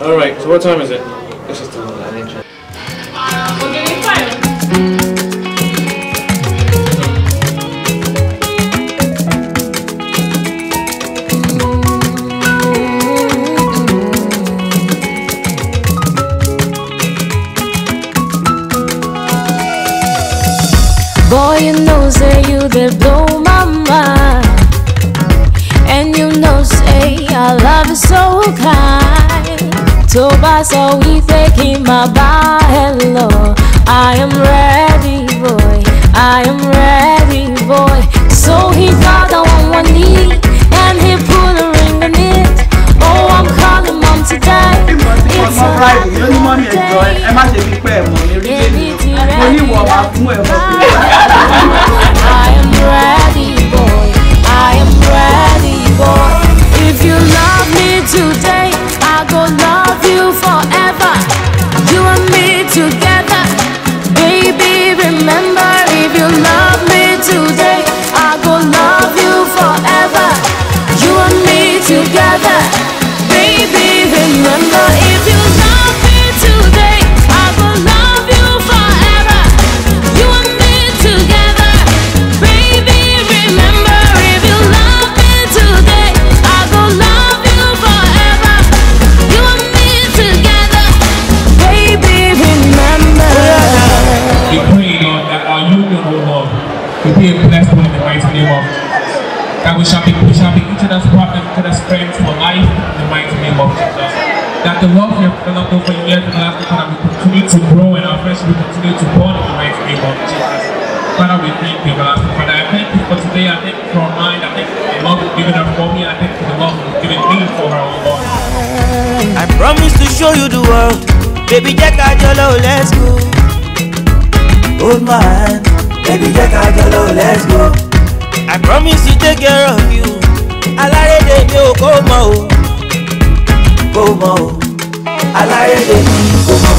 All right, so what time is it? It blow my mind. And you know, say, I love you so kind. Toba so we take my bow, hello. I am ready, boy. I am ready, boy. So he got on one knee. we shall be, we shall be each other's partners, each other's friends for life, in the mighty name of Jesus. Uh, that the love we have developed over years and last that we continue to grow and our friendship will continue to bond in the mighty name of Jesus. Father, we thank you, everlasting Father. I thank you for today. I thank you for our mind. I thank you for the love you've given her for me. I thank you for the love you've given me for her, oh Lord. I promise to show you the world. Baby, Jack, I jolo, let's go. Hold my hand. Baby, Jack, I jolo, let's go. I promise to take care of you. Alárédè mi ò kó mọ̀ o. Kó mọ̀ o. Alárédè mi kó mọ̀.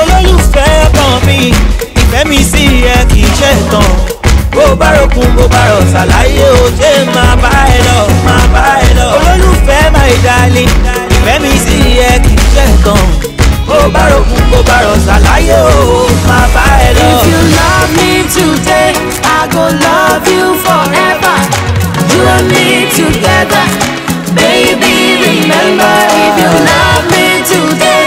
Olólùfẹ́ kan mi, ìfẹ́ mi sí ẹ kì í ṣe tán. Bó bá ròkun bó bá rọ̀ ṣàlàyé o ṣé máa bá ẹ lọ, máa bá ẹ lọ. Olólùfẹ́ my darling, ìfẹ́ mi sí ẹ kì í ṣe tán. Bó bá ròkun bó bá ṣàlàyé o máa bá ẹ lọ. If you love me today, I go love you forever. forever. Baby, remember if you love me today.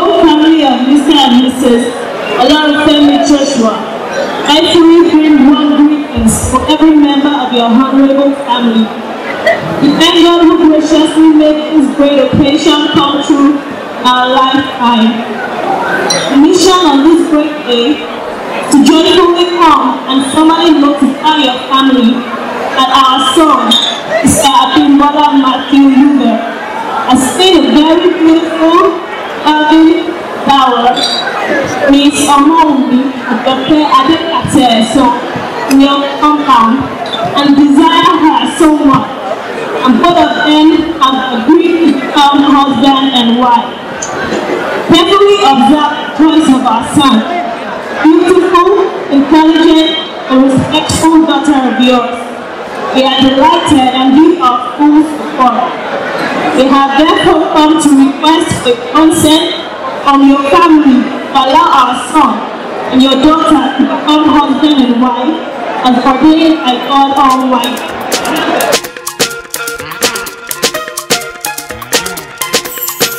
whole family of Mr. and Mrs. Olarofemi Joshua. I truly bring warm greetings for every member of your honorable family. Thank God, who graciously made this great occasion come true our lifetime. The mission on this great day to joyfully come and formally notify your family that our son, Mr. Abimbola Matthew Huber, has been a very beautiful having power means Omowumi adopted Adekate Eso so your compound and desire her so much. And both of them have agreed to become husband and wife. Carefully observe the choice of our son. Beautiful, intelligent, and respectful daughter of yours. We are delighted and give our full support. We have therefore come to request the consent of your family to allow our son and your daughter to become husband and wife, and for this I call all wife.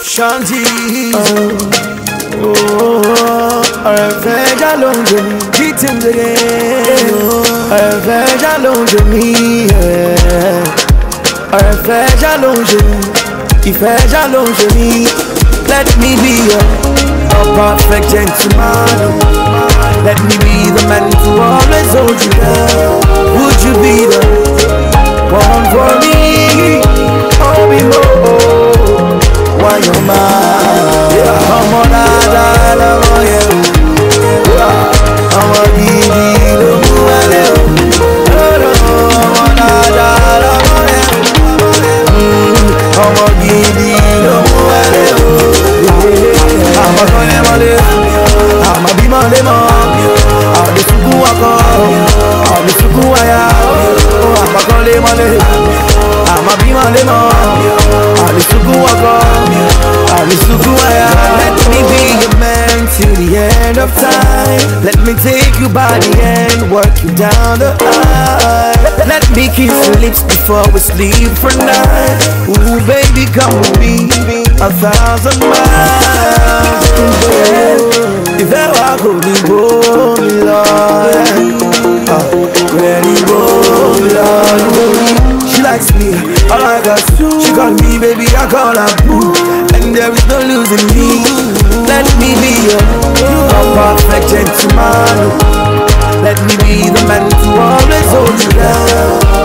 Shanti, oh, oh, oh, ọ̀rẹ́ fẹ́ já ló ń jẹ Me, kí tí ń jẹgẹ, ọ̀rẹ́ fẹ́ já ló ń jẹ mí, ọ̀rẹ́ fẹ́ já ló ń ìfẹ́ ṣá ló ń let me be your a perfect gentleman let me be the man to always hold you. time. Let me take you by the hand, work you down the aisle. Let me kiss your lips before we sleep for night. Ooh, baby, come with me a thousand miles. If I walk on the road, Lord, uh, me Lord, She likes me, I like her. She call me baby, I call her boo, and there is no losing me. Let me be your a perfect gentleman. Let me be the man to always hold you down.